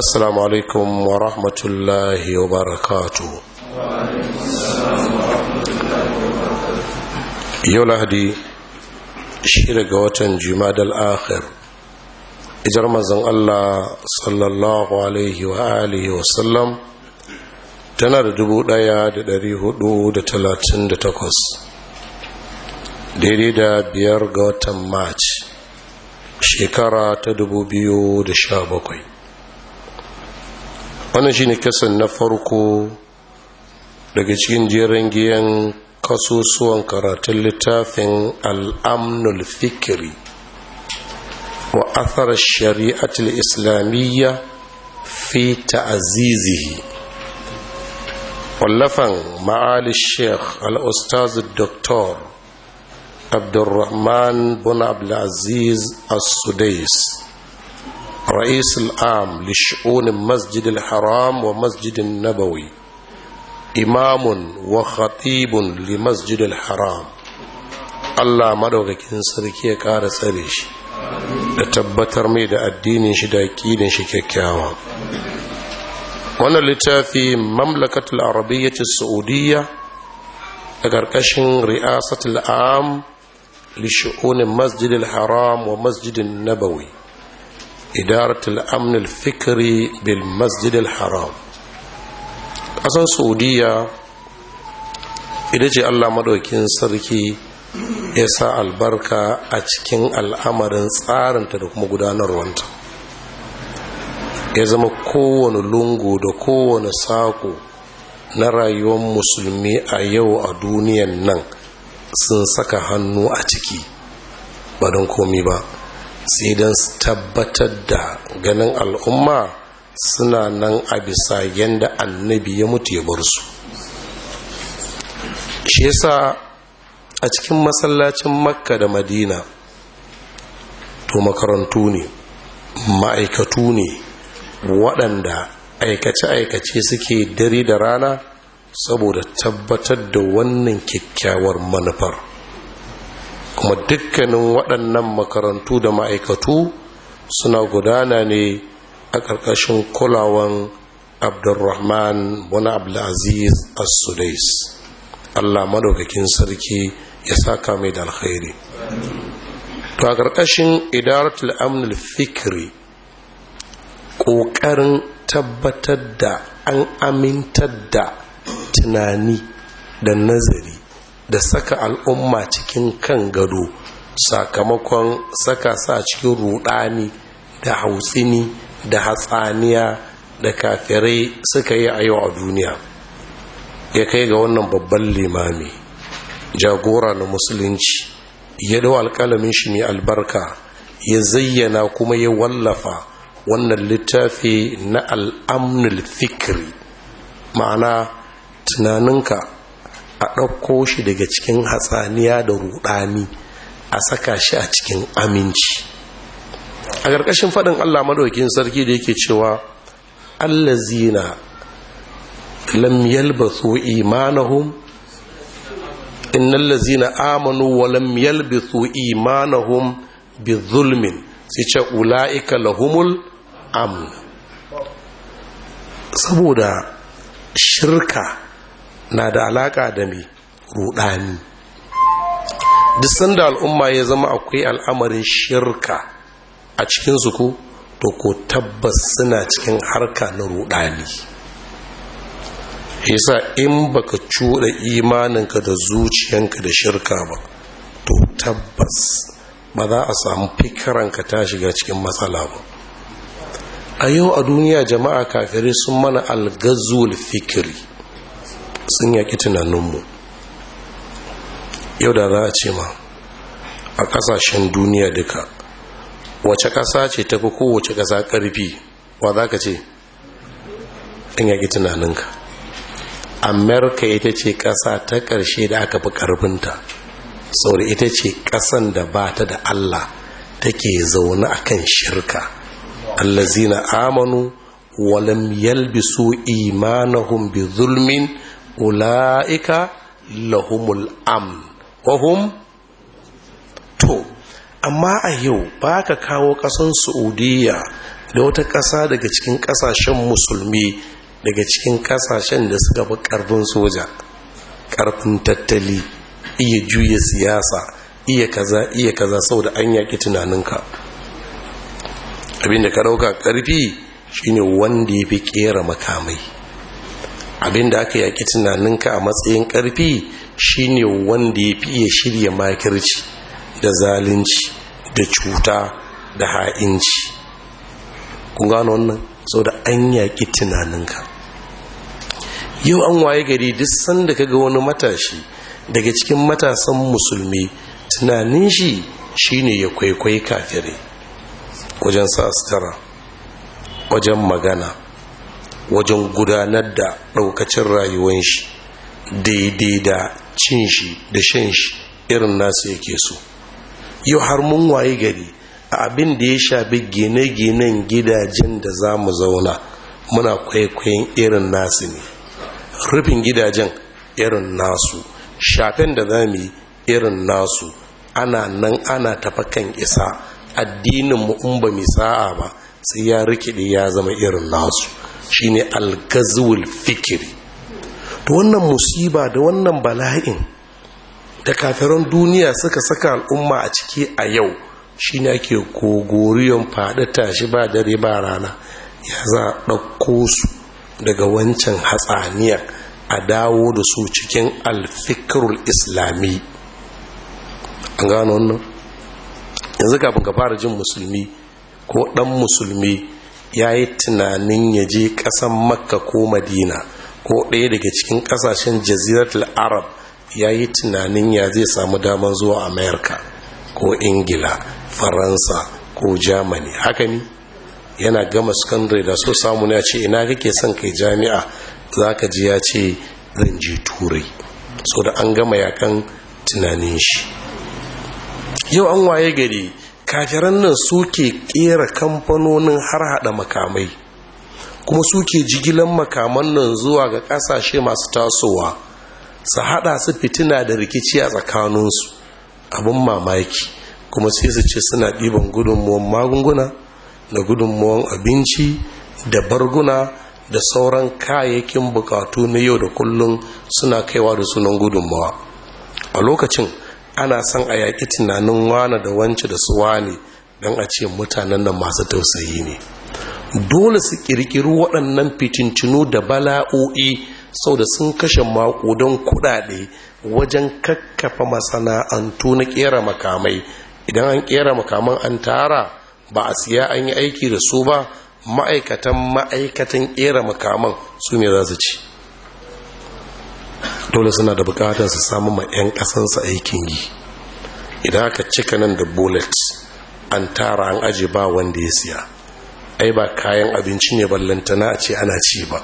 assalamu alaikum wa rahmatullahi wa barakatuhu yau lahadi shi daga watan jimadal akhir ijar mazan allah sallallahu alaihi wa alihi wa sallam tana da dubu ɗaya da dari hudu da talatin da takwas daidai da biyar ga watan march shekara ta dubu biyu da sha bakwai wannan shine kasan na farko daga cikin jerin giyan kasusuwan karatun littafin al'amnul fikiri wa athar shari'atul islamiyya fi ta'azizihi wallafan ma'ali sheikh al'ustaz Dr. abdulrahman bin abdulaziz as-sudais الرئيس العام لشؤون المسجد الحرام ومسجد النبوي إمام وخطيب لمسجد الحرام الله مدوغكين سركي كار سريش da tabbatar mai da addinin shi da aƙidin shi kyakkyawa wannan littafi mamlakatul arabiyyaci Saudiyya da ƙarƙashin ri'asatul am li masjidil haram wa masjidin nabawi idaratul amnul fikri bil masjidil haram ƙasar Saudiyya ita ce allah maɗaukin sarki ya sa albarka a cikin al'amarin tsarinta da kuma gudanarwanta ya zama kowane lungu da kowane saƙo na rayuwan musulmi a yau a duniyan nan sun saka hannu a ciki ba don komi ba sai don tabbatar da ganin al'umma suna nan a bisa yadda annabi ya mutu ya bar su shi yasa a cikin masallacin makka da madina to makarantu ne ma'aikatu ne waɗanda aikace-aikace suke dare da rana saboda tabbatar da wannan kyakkyawar manufar kuma dukkanin waɗannan makarantu da ma'aikatu suna gudana ne a ƙarƙashin kulawan abdulrahman wani abdulaziz as-sudais allah madaukakin sarki ya sa mai da alkhairi to a ƙarƙashin idaratul amnul fikiri, ƙoƙarin tabbatar da an amintar da tunani da nazari da saka al'umma cikin kan gado sakamakon saka sa cikin rudani da hautsini da hatsaniya da kafirai suka yi a yau a duniya ya kai ga wannan babban limami jagora na musulunci ya dau alkalamin shi ne albarka ya zayyana kuma ya wallafa wannan littafi na al'amnul fikri ma'ana tunaninka a ɗauko shi daga cikin hatsaniya da ruɗani a saka shi a cikin aminci a ƙarƙashin faɗin allah maɗaukin sarki da yake cewa allazina lam yalbathu imanahum innal lazina amanu wa lam yalbathu imanahum bizulmin sai ce ula'ika lahumul amn saboda shirka na da alaka da mai rudani duk sanda al'umma ya zama akwai al'amarin shirka a cikin ku to ko tabbas suna cikin harka na rudani yasa in baka cuɗa imaninka da zuciyanka da shirka ba to tabbas ba za a samu fikiranka ta shiga cikin matsala ba a yau a duniya jama'a kafirai sun mana algazul fikiri sun yaƙi tunaninmu yau da za a ce ma a ƙasashen duniya duka wace ƙasa ce tafi kowace ƙasa ƙarfi wa za ka ce ya ƙi tunaninka amerika ita ce ƙasa ta ƙarshe da aka fi ƙarfinta saboda ita ce ƙasan da ba ta da allah take zaune a kan shirka allazina amanu walam yalbisu imanahum bi zulmin ula'ika lahumul am wahum to amma a yau ba ka kawo ƙasan saudiya da wata ƙasa daga cikin ƙasashen musulmi daga cikin ƙasashen da suka fi ƙarfin soja ƙarfin tattali iya juya siyasa iya kaza iya kaza saboda an yaƙi tunaninka abinda ka ɗauka ƙarfi shine wanda ya fi ƙera makamai abin da aka yaki tunaninka a matsayin ƙarfi shine wanda ya fi iya shirya makirci da zalunci da cuta da ha'inci kun gano wannan sau da an yaƙi tunaninka yau an waye gari duk sanda ka ga wani matashi daga cikin matasan musulmi tunanin shi shine ya kwaikwai kafirai wajen sa wajen magana wajen gudanar da ɗaukacin rayuwan shi daidai da cin shi da shan shi irin nasu yake so yau har mun waye gari a abin da ya shafi gine-ginen gidajen da za mu zauna muna kwaikwayon irin nasu ne rufin gidajen irin nasu shafen da za mu yi irin nasu ana nan ana tafakan isa addinin mu in sa'a ba sai ya rikide ya zama irin nasu shine algazuwul fikiri to wannan musiba da wannan bala'in da kafiran duniya suka saka al'umma a ciki a yau shine ake kogoriyon faɗi shi ba dare ba rana ya za a ɗauko su daga wancan hatsaniya a dawo da su cikin alfikirul islami an gano wannan yanzu kafin ka fara jin musulmi ko ɗan musulmi ya yi tunanin ya je ƙasan makka ko madina ko ɗaya daga cikin ƙasashen jaziratul arab ya yi tunanin ya zai samu damar zuwa amerika ko ingila faransa ko germany haka ne yana gama secondary da so samu ya ce ina kake son kai jami'a za ka ji ya ce zan je turai so da an gama yakan tunanin shi yau an waye gari kafiran nan suke kera kamfanonin har hada makamai kuma suke jigilan makaman nan zuwa ga kasashe masu tasowa su hada su fitina da rikici a tsakaninsu abin mamaki kuma sai su ce suna ɗiban gudunmuwan magunguna da gudunmuwan abinci da barguna da sauran kayayyakin bukatu na yau da kullum suna kaiwa da sunan gudunmawa a lokacin ana son a yaƙi tunanin wane da wance da su wane don a ce mutanen nan masu tausayi ne dole su ƙirƙiri waɗannan fitincinu da bala'o'i sau da sun kashe mako don kuɗaɗe wajen kakkafa masana'antu na ƙera makamai idan an ƙera makaman an tara ba a siya an yi aiki da su ba ma'aikatan ma'aikatan ƙera makaman su ne za su ci dole suna da bukatar su samu ma 'yan kasansa aikin yi idan aka cika nan da bullet an tara an aje ba wanda ya siya ai ba kayan abinci ne ballantana a ce ana ci ba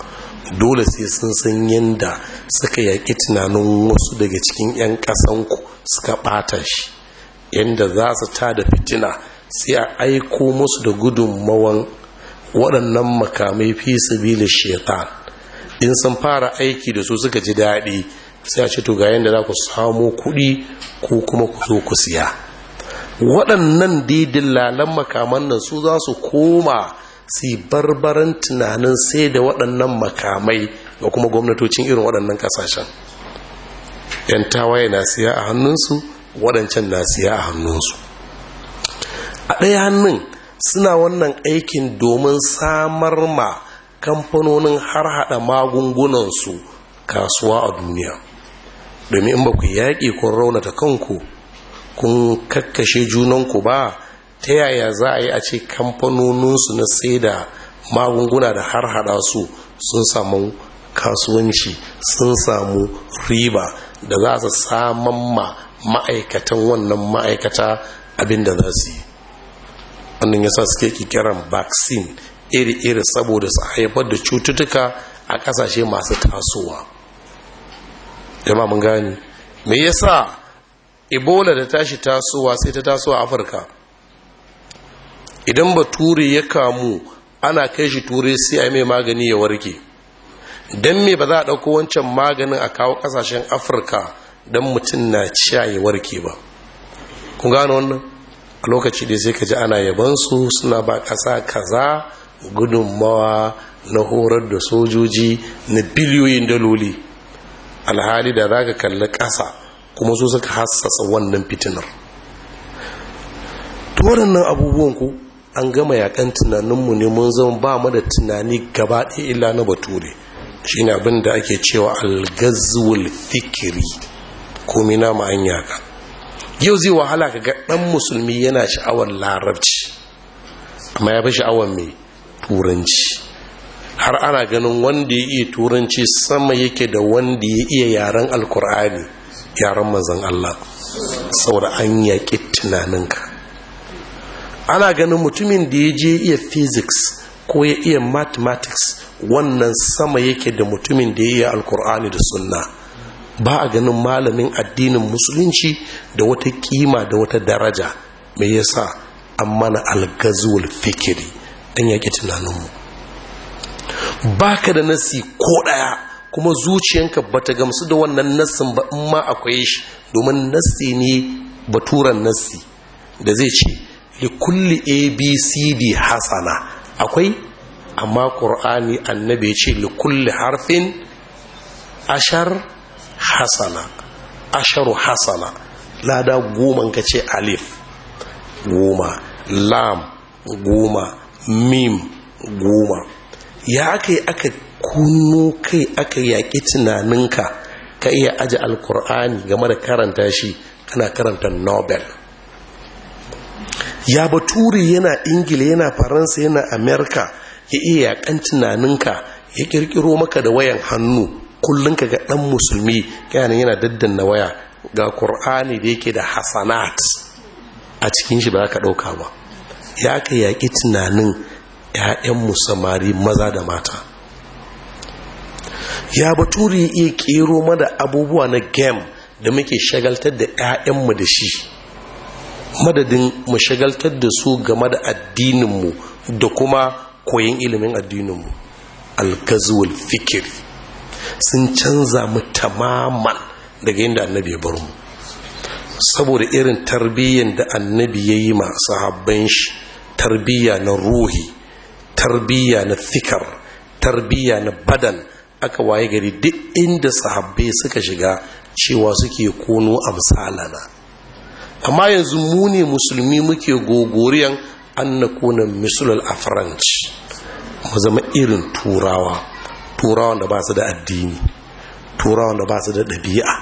dole sai sun san yadda suka yaƙi tunanin wasu daga cikin 'yan ƙasanku suka ɓata shi yadda za su ta da fitina sai a aiko musu da gudunmawan waɗannan makamai fi da shaitan in sun fara aiki da su suka ji daɗi sai a ce to ga yadda za ku samo kuɗi ko kuma ku zo ku siya waɗannan didin lalan makaman nan su za su koma su barbaran tunanin sai da waɗannan makamai ga kuma gwamnatocin irin waɗannan ƙasashen yan tawaye na siya a hannunsu waɗancan na siya a hannunsu a ɗaya hannun suna wannan aikin domin samar ma kamfanonin har hada magungunansu kasuwa a duniya domin in ba ku yaƙi kun raunata kanku kun kakkashe junanku ba ta yaya za a yi a ce kamfanoninsu na sai da magunguna da har hada su sun samu kasuwanci sun samu riba da za su saman ma ma'aikatan wannan ma'aikata abinda za su yi wannan yasa suke kikiran vaccine iri-iri saboda su haifar da cututtuka a kasashe masu tasowa jama mun gani me yasa ebola da tashi tasowa sai ta taso a afirka idan bature ya kamu ana kai shi turai sai a mai magani ya warke don me ba za a ɗauko wancan maganin a kawo ƙasashen afirka don mutum na ciya ya warke ba kun gano wannan a lokaci da sai ka ji ana yabansu suna ba ƙasa kaza gudunmawa na horar da sojoji na biliyoyin daloli alhali da za ka kalli ƙasa kuma su suka hassasa wannan fitinar tuwarin nan abubuwan ku an gama yakan tunaninmu ne mun zama ba mu da tunani gaba ɗaya ila na bature shi ne abin da ake cewa algazuwal fikiri ko na ma'an yaka yau zai wahala ka ga ɗan musulmi yana sha'awar larabci amma ya fi sha'awar mai turanci har ana ganin wanda ya iya turanci sama yake da wanda ya iya yaren alkur'ani yaren manzan Allah saboda an yaƙi tunaninka ana ganin mutumin da ya je iya physics ko ya iya mathematics wannan sama yake da mutumin da ya iya alkur'ani da sunna ba a ganin malamin addinin musulunci da wata kima da wata daraja mai yasa an mana algazul fikiri an yaƙi tunaninmu ba ka da nasi ko ɗaya kuma zuciyanka ba ta gamsu da wannan nassin ba in ma akwai shi domin nassi ne baturan nassi da zai ce li kulli abcd hasana akwai amma ƙur'ani annabi ya ce li kulli harfin ashar hasana asharu hasana lada goma ka ce alif goma lam goma mim goma ya aka yi aka kuno kai aka yaƙi tunaninka ka iya aji alkur'ani game da karanta shi kana karanta nobel ya baturi yana ingila yana faransa yana amerika ya iya yaƙan tunaninka ya ƙirƙiro maka da wayan hannu kullum ka ga ɗan musulmi yana yana daddanna waya ga kur'ani da yake da hasanat a cikin shi ba ka ɗauka ba ya ka yaƙi tunanin 'ya'yanmu samari maza da mata ya baturi iya ƙero mana abubuwa na game da muke shagaltar da 'ya'yanmu da shi madadin mu shagaltar da su game da addininmu da kuma koyon ilimin addininmu alkazuwal fikir sun canza mu tamaman daga yin da annabi ya bar mu saboda irin tarbiyyar da annabi ya yi ma sahabban shi tarbiyya na ruhi tarbiyya na fikar tarbiyya na badan aka waye gari duk inda sahabbai suka shiga cewa suke kono amsalana amma yanzu mu ne musulmi muke gogoriyan an na kona misulal a french mu zama irin turawa turawan da ba su da addini turawan da ba su da ɗabi'a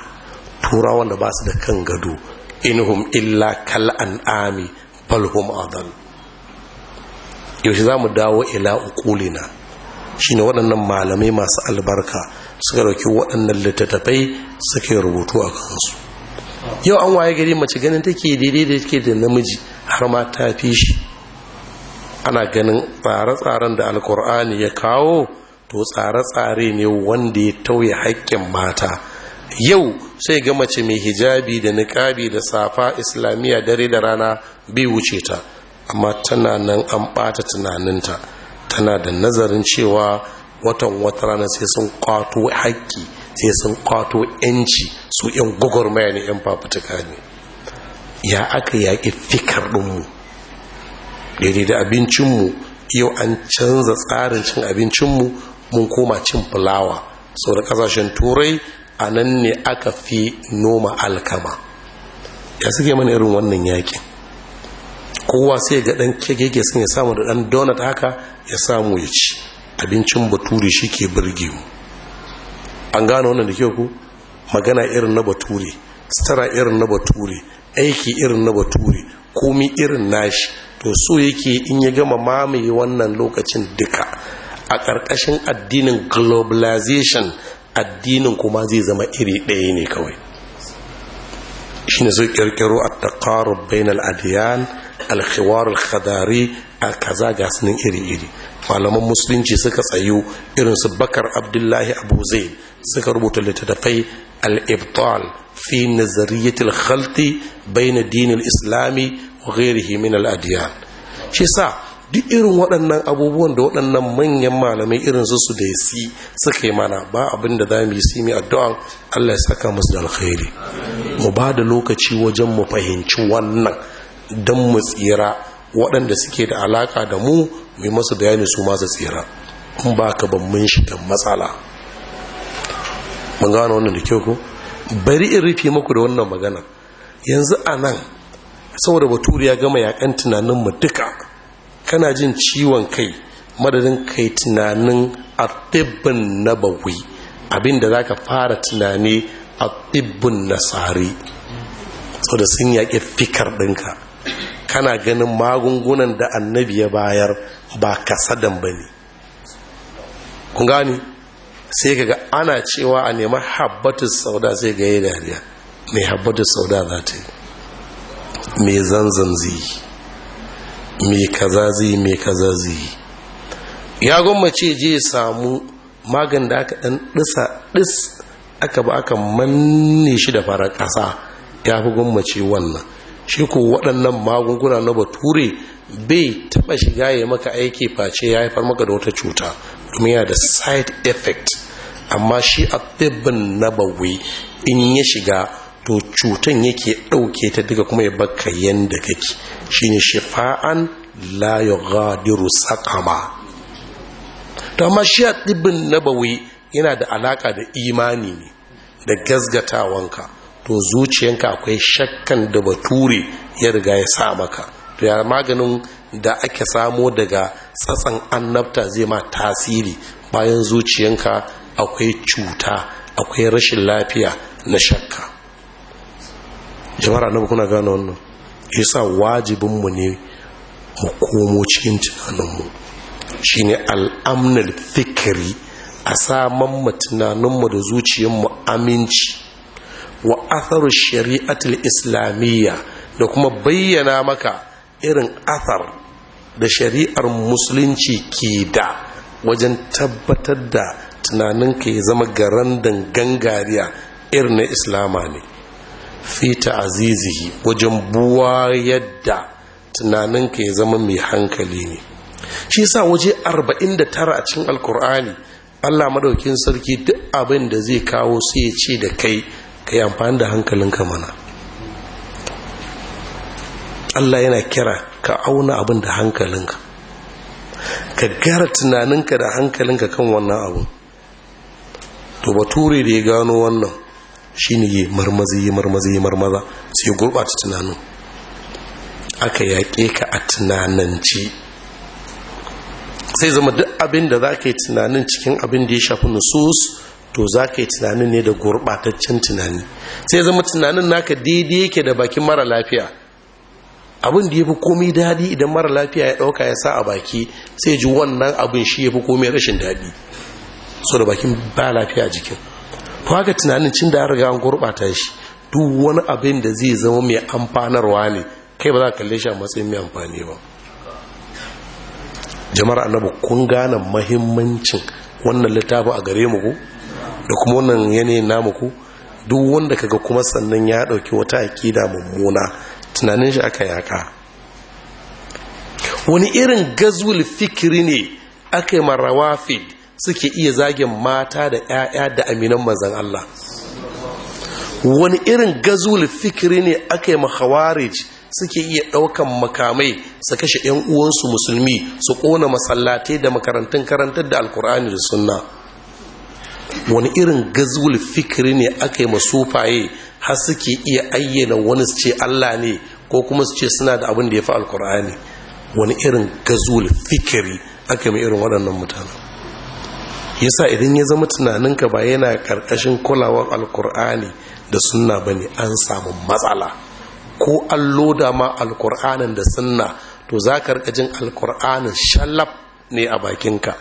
turawan da ba su da kan gado inhum illa kal an'ami balhum adal yaushe za mu dawo ila ukulina ne waɗannan malamai masu albarka suka dauki waɗannan littattafai suke rubutu a kansu yau an waye gari mace ganin take daidai da take da namiji har ma ta fi shi ana ganin tsare-tsaren da alkur'ani ya kawo to tsare-tsare ne wanda ya tauye haƙƙin mata yau sai ga mace mai hijabi da niƙabi da safa islamiyya dare da rana bai wuce ta amma tana nan an ɓata tunaninta tana da nazarin cewa watan wata rana sai sun kwato haƙƙi sai sun kwato 'yanci su 'yan gwagwarmaya ne 'yan fafutuka ne ya aka yaƙi fikar ɗinmu daidai da abincinmu yau an canza tsarin cin abincinmu mun koma cin fulawa sau da ƙasashen turai a nan ne aka fi noma alkama ya suke mana irin wannan yaƙin kowa sai ga dan kegege sun ya samu da dan donut haka ya samu ya ci abincin bature shi ke birge mu an gano wannan da kyau ku magana irin na bature stara irin na bature aiki irin na bature komi irin nashi to so yake in ya gama mamaye wannan lokacin duka a ƙarƙashin addinin globalization addinin kuma zai zama iri ɗaya ne kawai shi ne zai ƙirƙiro a taƙarar bainal adiyan alkhiwarul khadari a kaza ga iri-iri malaman musulunci suka tsayu irin su bakar abdullahi abu zain suka rubuta littattafai al-ibtal fi nazariyatil khalti bayna dinil islami wa ghairihi min al shi sa duk irin waɗannan abubuwan da waɗannan manyan malamai irin su su da si suka yi mana ba abin da za mu yi simi addu'an Allah ya saka musu da alkhairi mu ba da lokaci wajen mu fahimci wannan don mu tsira waɗanda suke da alaƙa da mu mu yi masu bayani su masu tsira in ba ka ban mun shi da matsala mun gano wannan da kyau ko bari in rufe muku da wannan magana yanzu a nan saboda baturi ya gama yakan tunanin mu duka kana jin ciwon kai madadin kai tunanin a na nabawi abinda za ka fara tunani a atibbin nasari saboda sun yaƙi fikar ɗinka kana ganin magungunan da annabi ya bayar ba kasadan ba ne kun gani sai kaga ana cewa a nema habbatus sauda sai ga yi dariya mai habbatus sauda za ta yi mai zanzan zai mai kaza zai mai kaza zai ya gwammace je samu magan da aka dan disa dis aka ba aka manne shi da fara kasa ya fi gwammace wannan shi ko waɗannan magunguna na bature bai taɓa shiga ya maka aiki face ya haifar maka da wata cuta domin yana da side effect amma shi a tibbin nabawi in ya shiga to cutan yake ɗauke ta duka kuma ya baka yanda kake shine shifa'an la yughadiru saqama to amma shi a tibbin nabawi yana da alaƙa da imani ne da gazgatawanka to zuciyanka akwai shakkan da bature ya riga ya sa maka to ya maganin da ake samo daga tsatsan annabta zai ma tasiri bayan zuciyanka akwai cuta akwai rashin lafiya na shakka jama'ar annabi kuna gano wannan yasa wajibinmu ne mu komo cikin tunaninmu shine al'amnal fikiri a saman mu tunaninmu da zuciyarmu aminci wa atharu shari'atul islamiyya da kuma bayyana maka irin athar da shari'ar musulunci ke da wajen tabbatar da tunaninka ya zama garandan gangariya irin na islama ne fi ta'azizihi wajen buwa yadda tunaninka ya zama mai hankali ne shi sa waje 49 a cikin alkur'ani allah madaukin sarki duk abin da zai kawo sai ya ce da kai ka yi amfani da hankalinka mana Allah yana kira ka auna abin da hankalinka ka gara tunaninka da hankalinka kan wannan abu to bature da ya gano wannan shine yi marmazi yi marmazi yi marmaza sai gurɓata tunanin aka yaƙe ka a tunananci sai zama duk abin da za ka yi tunanin cikin abin da ya shafi nusus to za ka yi tunanin ne da gurɓataccen tunani sai zama tunanin naka daidai yake da bakin mara lafiya abin da ya fi komi daɗi idan mara lafiya ya ɗauka ya sa a baki sai ji wannan abin shi ya fi komi rashin daɗi so da bakin ba lafiya a jikin to haka tunanin cin da an riga an gurɓata shi duk wani abin da zai zama mai amfanarwa ne kai ba za ka kalle shi a matsayin mai amfani ba jama'ar annabi kun gane mahimmancin wannan littafin a gare mu ko da kuma wannan yanayin namu ku duk wanda kaga kuma sannan ya dauki wata akida mummuna tunanin shi aka yaka wani irin gazul fikiri ne aka yi marawafid suke iya zagin mata da 'ya'ya da aminan mazan Allah wani irin gazul fikiri ne aka yi mahawarij suke iya ɗaukan makamai su kashe 'yan uwansu musulmi su kona masallatai da makarantun karantar da alkur'ani da sunna wani irin gazul fikiri ne aka yi masufaye har suke iya ayyana wani su ce Allah ne ko kuma su ce suna da abin da ya fi alkur'ani wani irin gazul fikiri aka yi irin waɗannan mutane yasa idan ya zama tunaninka ba yana karkashin kulawar alkur'ani da sunna ba ne an samu matsala ko an loda ma alkur'anin da sunna to za ka rika jin alkur'anin shalab ne a bakinka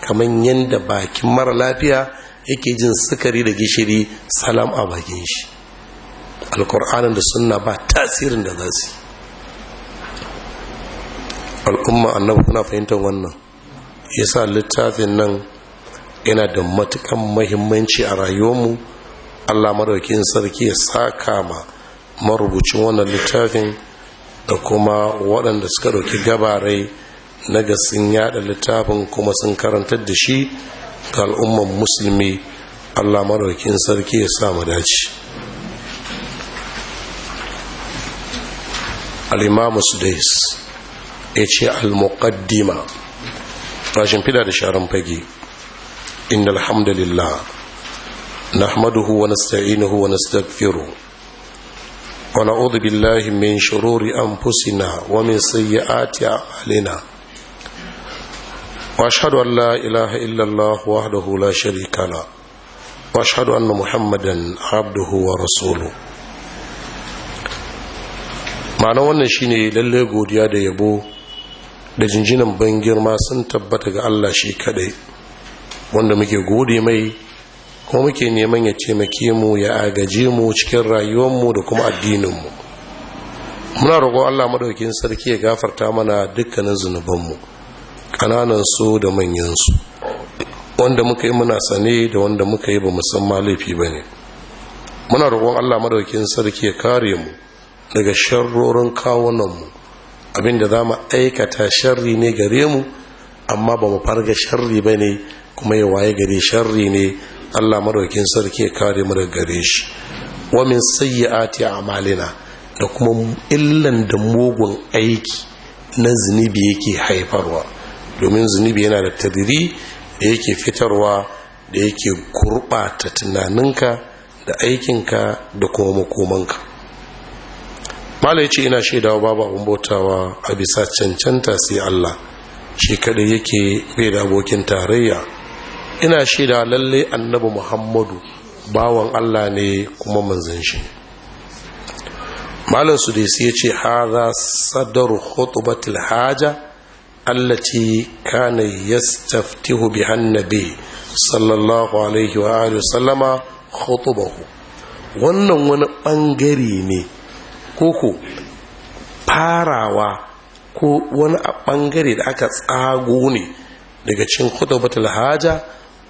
kamar yadda bakin mara lafiya yake jin sukari da gishiri salam a bakin shi alkur'anin da sunna ba tasirin da za su al'umma annabi kuna fahimtar wannan yasa littafin nan yana da matukan mahimmanci a rayuwarmu allah maraukin sarki ya saka ma marubucin wannan littafin da kuma waɗanda suka ɗauki gabarai na ga sun yada littafin kuma sun karanta da shi ga al'umman musulmi allah maraukin sarki ya sa mu dace Alimamus sudais ya ce al-muqaddima rashin fida da sharan fage inna alhamdulillah nahmaduhu wa nasta'inuhu min nastaghfiruh ونعوذ بالله من شرور أنفسنا ومن a alina. واشهد ان لا اله الا الله وحده لا شريك له واشهد ان محمدا عبده ورسوله ma'ana wannan shine lalle godiya da yabo da jinjinan ban girma sun tabbata ga Allah shi kadai wanda muke gode mai kuma muke neman ya taimake mu ya agaje mu cikin rayuwar mu da kuma addinin mu muna roƙon Allah maɗaukin sarki ya gafarta mana dukkanin zunubanmu mu kananan su da manyan su wanda muka yi muna sane da wanda muka yi ba musamman laifi ba ne muna roƙon allah madaukin sarki ya kare mu daga sharrorin mu, abinda za mu aikata sharri ne gare mu amma ba mu farga sharri ba ne kuma ya waye gare sharri ne allah madaukin sarki ya kare mu daga gare shi wa min sayyi'ati a'malina da kuma illan da mugun aiki na zunubi yake haifarwa domin zunubi yana da tadiri da yake fitarwa da yake gurɓata tunaninka da aikinka da kuma makomanka mala ce ina shaidawa babu abin bautawa a bisa cancanta sai Allah shi kadai yake bai da abokin tarayya ina shaida lalle annabi muhammadu bawan Allah ne kuma manzan shi malam su da ya ce haza sadar hutubatul haja التي كان yastaftihu بها النبي sallallahu alaihi wa وآله وسلم خطبه wannan wani bangare ne ko koko farawa ko wani bangare da aka tsago ne daga cikin khutbatul haja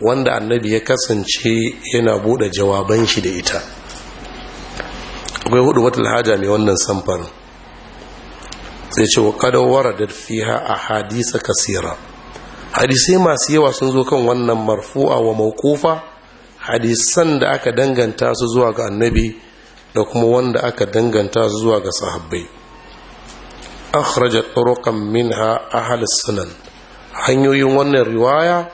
wanda annabi ya kasance yana bude jawaban shi da ita akwai hudu wata haja mai wannan samfarin sai ce wa kada fiha a hadisa kasira hadisai masu yawa sun zo kan wannan marfu'a wa maukufa hadisan da aka danganta su zuwa ga annabi da kuma wanda aka danganta su zuwa ga sahabbai akhrajat turuqan minha ahli sunan hanyoyin wannan riwaya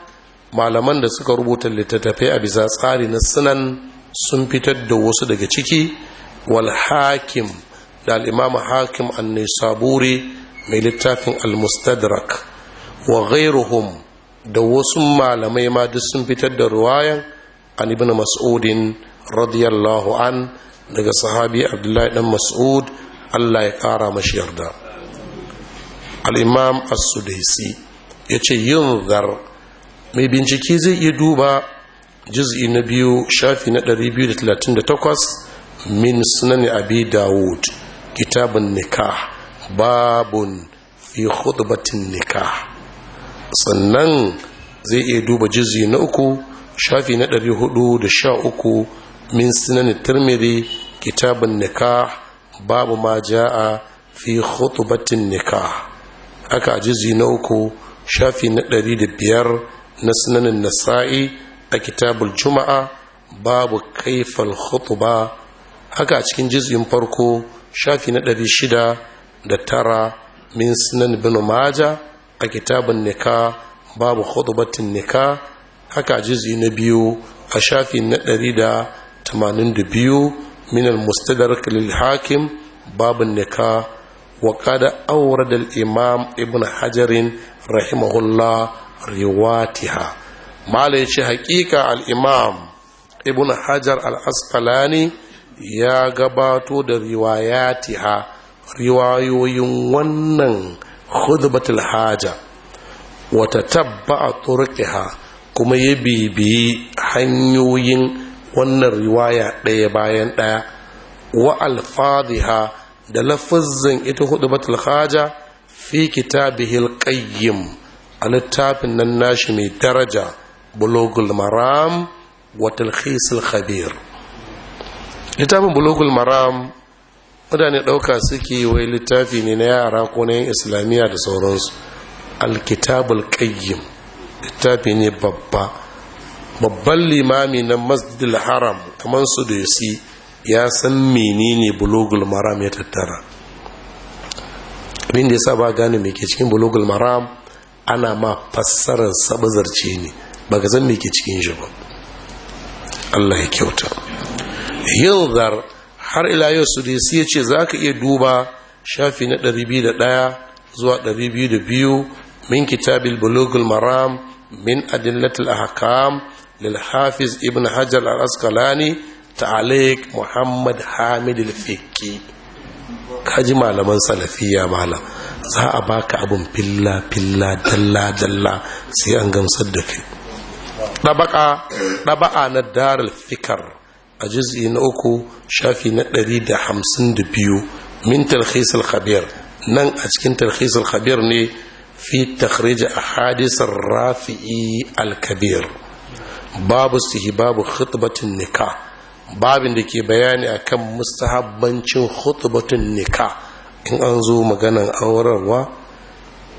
malaman da suka rubuta littattafai a bisa tsari na sunan sun fitar da wasu daga ciki wal hakim da al'imam hakim nisaburi mai littafin al-mustadrak wa ghairuhum da wasu malamai ma duk sun fitar da ruwayan an ibn mas'udin radiyallahu an daga sahabi abdullahi dan mas'ud allah ya kara mashi yarda alimam imam as-sudaisi ya ce yin zar mai bincike zai iya duba juz'i na biyu shafi na 238 min sunan abi dawud kitabun nikah babun fi khutbatin nikah sannan zai iya duba jizi na uku shafi na ɗari hudu da sha uku min sinani tirmidhi kitabun nikah babu ma ja'a fi khutbatin nikah aka jizi na uku shafi na ɗari da biyar na sinanin nasa'i a kitabul juma'a babu kaifal khutba haka a cikin jizgin farko shafi na ɗari shida da tara min sunan bin maja a kitabun nika babu hudubatin nika haka jizi na biyu a shafi na ɗari da tamanin da biyu min mustadar lil hakim babun nika وقد أورد الإمام ابن حجر رحمه الله رواتها ما Al-Imam الإمام ابن al الأسقلاني ya gabato da riwayatiha riwayoyin wannan khudbatul haja wata tabba'a turqiha kuma ya bibiyi hanyoyin wannan riwaya ɗaya bayan ɗaya wa alfadhiha da lafazzin ita khudbatul haja fi kitabihil qayyim a littafin nan nashi mai daraja bulogul maram wa talkhisul khabir littafin bulugul maram mutane ɗauka suke wai littafi ne na yara ko na yin islamiyya da sauransu alkitabul littafi ne babba babban limami na masjidil haram kamar su da yasi ya san menene bulugul maram ya tattara abin da ya sa ba gane me ke cikin bulugul maram ana ma fassarar sabazarce ne ba ga san me ke cikin shi ba Allah ya kyauta Hildar har ila yau sudisi ya ce za ka iya duba shafi na 201 zuwa 202 min kitabil bulugul maram min adillatul ahkam lil hafiz ibn hajar al-asqalani ta'alik muhammad hamid al-fikki kaji malaman salafiya malam za a baka abun filla filla dalla dalla sai an gamsar da kai ɗaba'a na darar fikar a juz'i na uku shafi na ɗari da hamsin da biyu min tarhisul khabir nan a cikin tarhisul khabir ne fi takhrij ahadisar rafi'i al-kabir babu babu khutbatin nika babin da ke bayani akan mustahabbancin khutbatun nika in an zo maganan aurarwa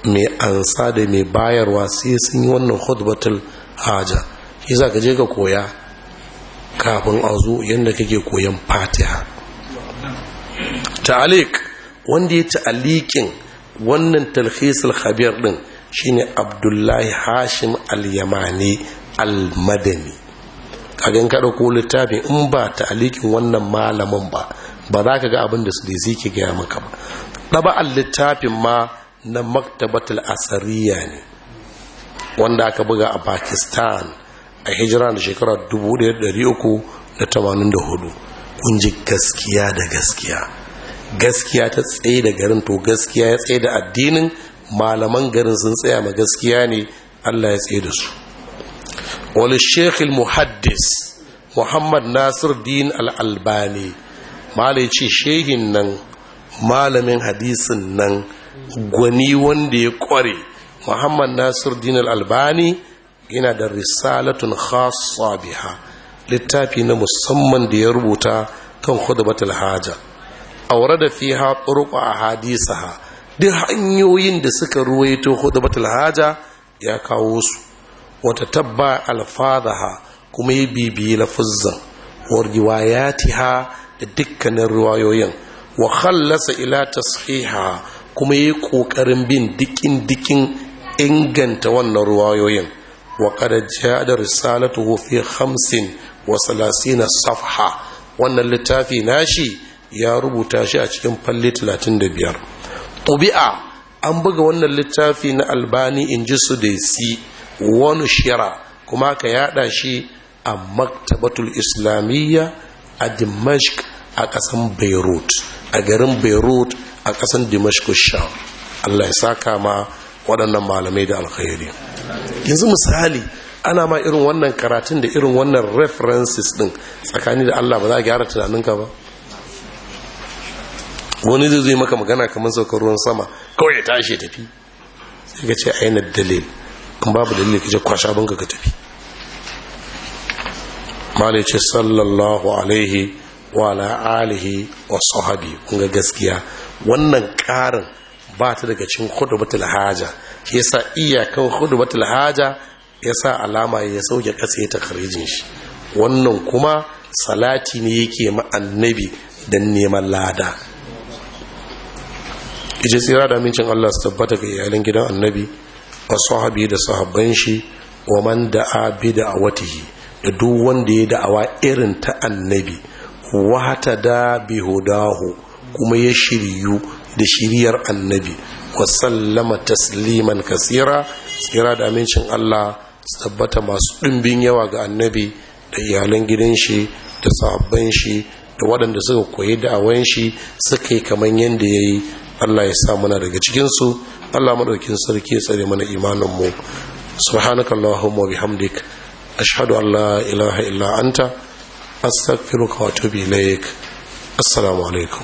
mai ansa da mai bayarwa sai sun yi wannan khutbatul haja shi za ka je ka koya kafin a zo yadda kake koyon fatiha ta'alik wanda ya ta'alikin wannan talhisul khabir din shine abdullahi hashim al-yamani al-madani gan kada ko littafin in ba ta'alikin wannan malamin ba ba za ka ga abin da su da zai ke gaya maka ba ɗaba'an littafin ma na maktabatul asariya ne wanda aka buga a pakistan a hijira da shekara 1384 kun ji gaskiya da gaskiya gaskiya ta tsaye da garin to gaskiya ya tsaye da addinin malaman garin sun tsaya ma gaskiya ne allah ya tsaye da su wani shekhil muhaddis muhammad nasir din al'albani malai ce shehin nan malamin hadisin nan gwani wanda ya kware muhammad nasir din al'albani yana da risalatun khassa biha littafi na musamman da ya rubuta kan khutbatul haja aure da fiha a ahadisaha duk hanyoyin da suka ruwaito khutbatul haja ya kawo su wata tabba alfadaha kuma ya bibiyi lafuzzan wa riwayatiha da dukkanin riwayoyin wa khallasa ila tashiha kuma yayi yi kokarin bin dikin dikin inganta wannan riwayoyin wa kada jada risalatuhu hamsin wa salasina safha wannan littafi na shi ya rubuta shi a cikin falle biyar. Ƙubi'a an buga wannan littafi na albani in ji su da si wani shira kuma ka yada shi a maktabatul islamiyya a dimashq a kasan beirut a garin beirut a kasan dimashq sham allah ya saka ma waɗannan malamai da alkhairi yanzu misali ana ma irin wannan karatun da irin wannan references din tsakani da Allah ba za a gyara tunaninka ba wani zai zai maka magana kamar saukar ruwan sama kawai ya tashi tafi sai ka ce aina dalil Kan babu dalil ka ce kwasha banka ka tafi malai ce sallallahu alaihi wa ala alihi wa sahabi kun ga gaskiya wannan karin ba ta daga cikin hudubatul haja shi yasa iyakan hudubatul haja yasa alama ya sauke kasa ya takarijin shi wannan kuma salati ne yake ma annabi dan neman lada ije tsira da amincin Allah su tabbata ga iyalan gidan annabi wa sahabi da sahabban shi wa man da'a bi da'awatihi da duk wanda ya da'awa irin ta annabi wa hatada bi hudahu kuma ya shiryu da shiriyar annabi wa sallama tasliman kasira tsira da amincin Allah tabbata masu ɗumbin yawa ga annabi da iyalan gidan shi da sahabban shi da waɗanda suka koyi da'awan shi suka yi kamar yadda ya yi Allah ya sa muna daga cikinsu Allah maɗaukin sarki ya tsare mana imaninmu subhanaka allahumma bihamdik ashhadu an la ilaha illa anta astaghfiruka wa atubu ilaik assalamu alaikum